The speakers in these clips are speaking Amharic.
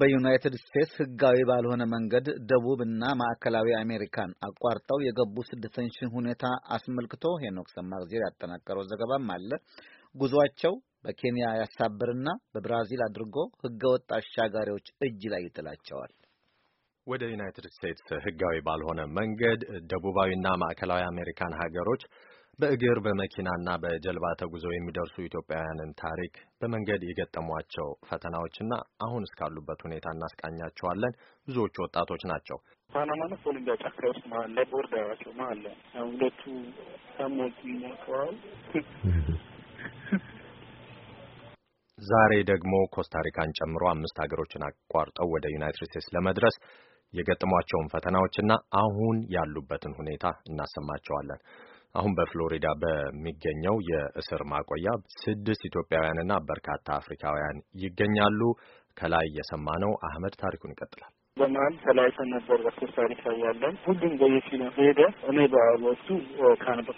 በዩናይትድ ስቴትስ ህጋዊ ባልሆነ መንገድ ደቡብ እና ማዕከላዊ አሜሪካን አቋርጠው የገቡ ስደተኞችን ሁኔታ አስመልክቶ ሄኖክ ሰማግዜር ያጠናቀረው ዘገባም አለ። ጉዟቸው በኬንያ ያሳብርና በብራዚል አድርጎ ህገወጥ አሻጋሪዎች እጅ ላይ ይጥላቸዋል። ወደ ዩናይትድ ስቴትስ ህጋዊ ባልሆነ መንገድ ደቡባዊና ማዕከላዊ አሜሪካን ሀገሮች በእግር በመኪናና በጀልባ ተጉዘው የሚደርሱ ኢትዮጵያውያንን ታሪክ በመንገድ የገጠሟቸው ፈተናዎችና አሁን እስካሉበት ሁኔታ እናስቃኛቸዋለን። ብዙዎቹ ወጣቶች ናቸው። ፓናማና ኮሎምቢያ ጫካ ውስጥ መሀል ላይ ቦርዳራቸው መሀል ላይ ሁለቱ ሰሞች ይሞተዋል። ዛሬ ደግሞ ኮስታሪካን ጨምሮ አምስት ሀገሮችን አቋርጠው ወደ ዩናይትድ ስቴትስ ለመድረስ የገጠሟቸውን ፈተናዎችና አሁን ያሉበትን ሁኔታ እናሰማቸዋለን። አሁን በፍሎሪዳ በሚገኘው የእስር ማቆያ ስድስት ኢትዮጵያውያንና በርካታ አፍሪካውያን ይገኛሉ። ከላይ የሰማነው አህመድ ታሪኩን ይቀጥላል። በመሀል ተለያይተን ነበር። በሶስት ታሪክ ላይ ያለን ሁሉም በየፊናው ሄደ። እኔ በወቅቱ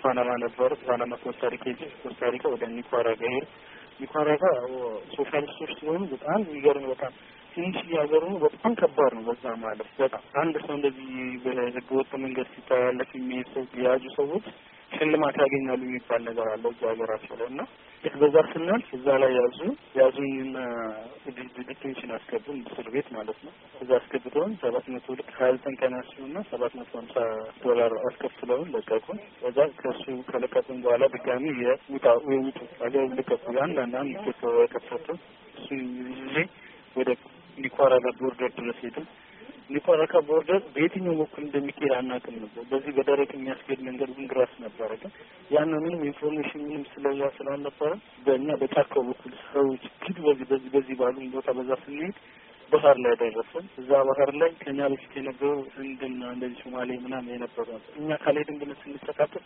ፓናማ ነበር። ፓናማ ሶስት ታሪክ ሄ ሶስት ታሪክ ወደ ኒካራጋ ሄድ ኒካራጋ ሶሻሊስቶች ሲሆኑ በጣም የሚገርም በጣም ትንሽ እያገሩ ነው። በጣም ከባድ ነው። በዛ ማለት በጣም አንድ ሰው እንደዚህ በህገወጥ መንገድ ሲተላለፍ የሚሄድ ሰው የያዙ ሰዎች ሽልማት ያገኛሉ የሚባል ነገር አለ እዚ ሀገራቸው ላይ እና ልክ በዛ ስናልፍ እዛ ላይ ያዙ ያዙኝና ዲቴንሽን አስገቡን እስር ቤት ማለት ነው። እዛ አስገብተውን ሰባት መቶ ልክ ሀያ ዘጠኝ ቀን ያስሉና ሰባት መቶ ሀምሳ ዶላር አስከፍለውን ለቀቁን። ከዛ ከሱ ከለቀቁን በኋላ ድጋሚ የውጣ ውጡ አገር ልቀቁ አንዳንድ አንድ ኢትዮጵያ ከፈቱ እሱ ጊዜ ወደ ሊኳራ ቦርደር ድረስ ሄድን። ሊፈረካ ቦርደር በየትኛው በኩል እንደሚካሄድ አናውቅም ነበር። በዚህ በደረቅ የሚያስኬድ መንገድ ግን ግራስ ነበረ። ግን ምንም ኢንፎርሜሽን ምንም ስለዛ ስላልነበረ በእኛ በጫካው በኩል ሰዎች ግድ በዚህ በዚህ በዚህ ባሉን ቦታ በዛ ስንሄድ ባህር ላይ ደረሰን። እዛ ባህር ላይ ከኛ በፊት የነበሩ ህንድና እንደዚህ ሶማሌ ምናምን የነበሩ እኛ ካልሄድን ብለን ስንተካተል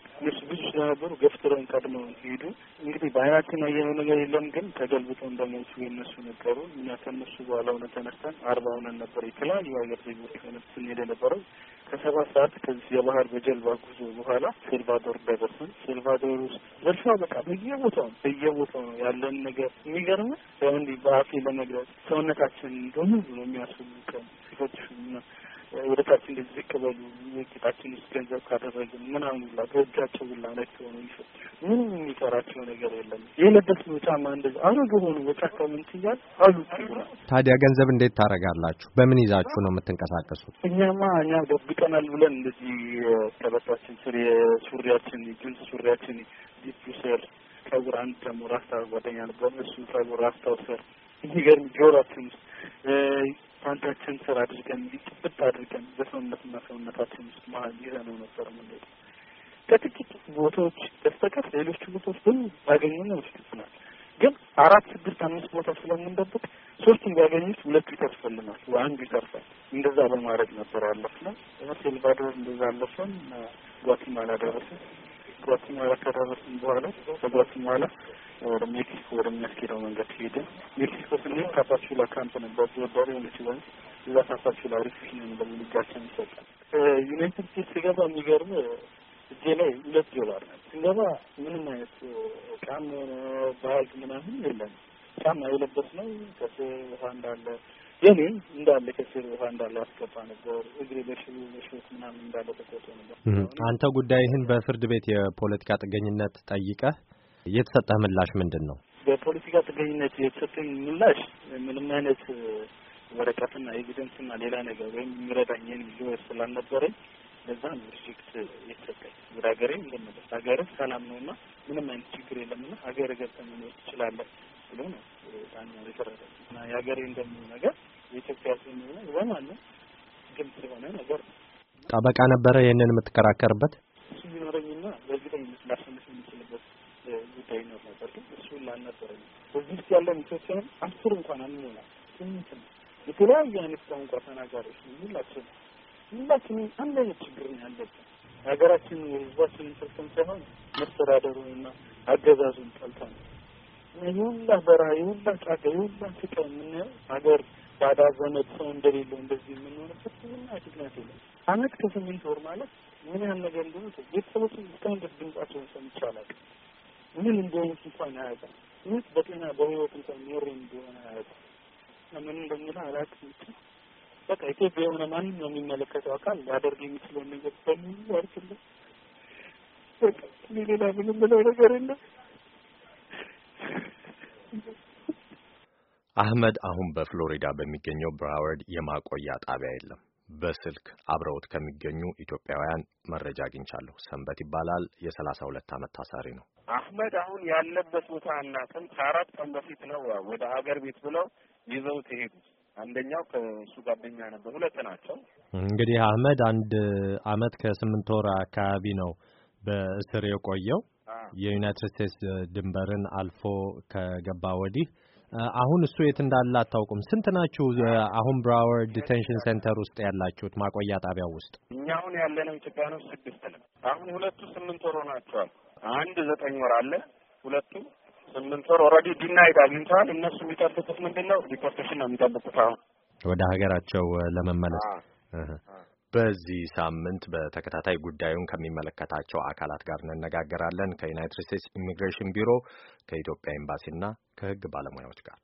ስለነበሩ ገፍትረን ቀድመው ሄዱ። እንግዲህ በአይናችን ያየነው ነገር የለም፣ ግን ተገልብጦ እንደሞቱ የነሱ ነበሩ። እኛ ከነሱ በኋላ ሆነ ተነስተን አርባ ሆነን ነበር የተለያዩ ሀገር ዜጎች ሆነ ስንሄደ ነበረው ከሰባት ሰዓት ከዚህ የባህር በጀልባ ጉዞ በኋላ ሴልቫዶር ደረስን። ሴልቫዶር ውስጥ ረብሻ በቃ በየቦታው በየቦታው ነው ያለን ነገር የሚገርም ያው በአፌ ለመግለጽ ሰውነታችን እንደሆነ ነው የሚያስፈልቀው ሴቶች ወደ ታች እንደዚህ ዝቅ በሉ ጌጣችን ውስጥ ገንዘብ ካደረግ ምናምን ይላል። በእጃቸው ብላ ነክ ሆኑ ይፈትሹ። ምንም የሚጠራቸው ነገር የለም። የለበስነው ጫማ እንደዚ አረግ ሆኑ በጫካ ምንት እያል አሉ። ታዲያ ገንዘብ እንዴት ታደርጋላችሁ? በምን ይዛችሁ ነው የምትንቀሳቀሱት? እኛማ እኛ ደብቀናል ብለን እንደዚህ ከበታችን ስር የሱሪያችን ጅንስ ሱሪያችን ዲፕ ስር ጸጉር አንድ ደግሞ ራስታ ጓደኛ ነበር። እሱን ጸጉር ራስታው ስር የሚገርም ጆሮአችን ውስጥ ፓንታችን ስር አድርገን ጥብጥ አድርገን በሰውነትና ሰውነታችን ውስጥ መሀል ይዘነው ነበር ምንሄድ ከጥቂት ቦታዎች በስተቀር ሌሎች ቦታዎች ብዙ ባገኙ ነው ይወስድብናል። ግን አራት ስድስት አምስት ቦታ ስለምንደብቅ ሶስቱን ቢያገኙት ሁለቱ ይተርፈልናል፣ አንዱ ይተርፋል። እንደዛ በማድረግ ነበር ያለፍነው። ኤልሳልቫዶር እንደዛ አለፈን፣ ጓቲማላ ደረሰ። ጓደኛዋ ከደረስን በኋላ ከጓደኛዋ በኋላ ወደ ሜክሲኮ ወደሚያስኬደው መንገድ ሄደ። ሜክሲኮ ስንሄድ ካፓቹላ ካምፕ ነበር ተወዳሪ ሆነ ሲሆን እዛ ካፓቹላ አሪፍ ሲሆን በሚልጋቸው ይሰጠ ዩናይትድ ስቴትስ ሲገባ የሚገርም እጄ ላይ ሁለት ዶላር ነበር። ስንገባ ምንም አይነት ቃም ባህግ ምናምን የለም። ጫማ የለበስ ነው። ከስር ውሃ እንዳለ የኔም እንዳለ ከስር ውሃ እንዳለ አስገባ ነበር። እግሬ በሽ በሽት ምናምን እንዳለ ተቆጦ ነበር። አንተ ጉዳይህን በፍርድ ቤት የፖለቲካ ጥገኝነት ጠይቀህ የተሰጠህ ምላሽ ምንድን ነው? በፖለቲካ ጥገኝነት የተሰጠኝ ምላሽ ምንም አይነት ወረቀትና ኤቪደንስና ሌላ ነገር ወይም የሚረዳኝን ይዞ ስላልነበረኝ ለዛ ነው ሪጀክት የተሰጠኝ። ወደ ሀገሬ እንደመለስ ሀገርህ ሰላም ነው እና ምንም አይነት ችግር የለም እና ሀገር ገብተህ መኖር ትችላለህ ብሎ ነው ጣኛ የተረዳ እና የሀገሬ እንደምን ነገር የኢትዮጵያ ሕዝብ የሚሆነ በማንም ግልጽ የሆነ ነገር ነው። ጠበቃ ነበረ ይህንን የምትከራከርበት እሱ ቢኖረኝና በእርግጠኝነት ላሸንፍ የምችልበት ጉዳይ ይኖር ነበር፣ ግን እሱ ላልነበረኝ በዚህ ውስጥ ያለን ኢትዮጵያን አስር እንኳን አንሆናል። ስምንት ነው የተለያዩ አይነት ቋንቋ ተናጋሪዎች ነው ሁላችን ሁላችንም አንድ አይነት ችግር ነው ያለብን። ሀገራችን የህዝባችን ጥቅም ሳይሆን መስተዳደሩንና አገዛዙን ጠልታ ነው። የሁላ በረሃ፣ የሁላ ጫካ፣ የሁላ ስቃይ የምናየው ሀገር ባዳ ዘመድ ሰው እንደሌለው እንደዚህ የምንሆነበት ምና ምክንያት የለም። አመት ከስምንት ወር ማለት ምን ያህል ነገር እንደሆነ ቤተሰቦች እስካሁን ድረስ ድምጻቸውን ሰምቼ አላውቅም። ምን እንደሆኑት እንኳን አያውቅም። ምን በጤና በህይወት እንኳን ኖሬ እንደሆነ አያውቅም። ምን እንደሚለ አላውቅም። በቃ ኢትዮጵያ የሆነ ማንኛውም የሚመለከተው አካል ሊያደርግ የሚችለውን ነገር በሙሉ አርችለ በቃ ሌላ ምንም ብለው ነገር የለም። አህመድ አሁን በፍሎሪዳ በሚገኘው ብራወርድ የማቆያ ጣቢያ የለም። በስልክ አብረውት ከሚገኙ ኢትዮጵያውያን መረጃ አግኝቻለሁ። ሰንበት ይባላል። የሰላሳ ሁለት አመት ታሳሪ ነው። አህመድ አሁን ያለበት ቦታ አናውቅም። ከአራት ቀን በፊት ነው ወደ ሀገር ቤት ብለው ይዘውት የሄዱት። አንደኛው ከእሱ ጓደኛ ነበር፣ ሁለት ናቸው። እንግዲህ አህመድ አንድ አመት ከስምንት ወር አካባቢ ነው በእስር የቆየው የዩናይትድ ስቴትስ ድንበርን አልፎ ከገባ ወዲህ። አሁን እሱ የት እንዳለ አታውቁም? ስንት ናችሁ አሁን ብራወር ዲቴንሽን ሴንተር ውስጥ ያላችሁት ማቆያ ጣቢያ ውስጥ? እኛ አሁን ያለነው ኢትዮጵያኖች ስድስት ነው። አሁን ሁለቱ ስምንት ወር ሆናቸዋል። አንድ ዘጠኝ ወር አለ፣ ሁለቱ ስምንት ወር ኦልሬዲ ዲናይድ አግኝተዋል። እነሱ የሚጠብቁት ምንድን ነው? ዲፖርቴሽን ነው የሚጠብቁት አሁን ወደ ሀገራቸው ለመመለስ በዚህ ሳምንት በተከታታይ ጉዳዩን ከሚመለከታቸው አካላት ጋር እንነጋገራለን። ከዩናይትድ ስቴትስ ኢሚግሬሽን ቢሮ፣ ከኢትዮጵያ ኤምባሲና ከሕግ ባለሙያዎች ጋር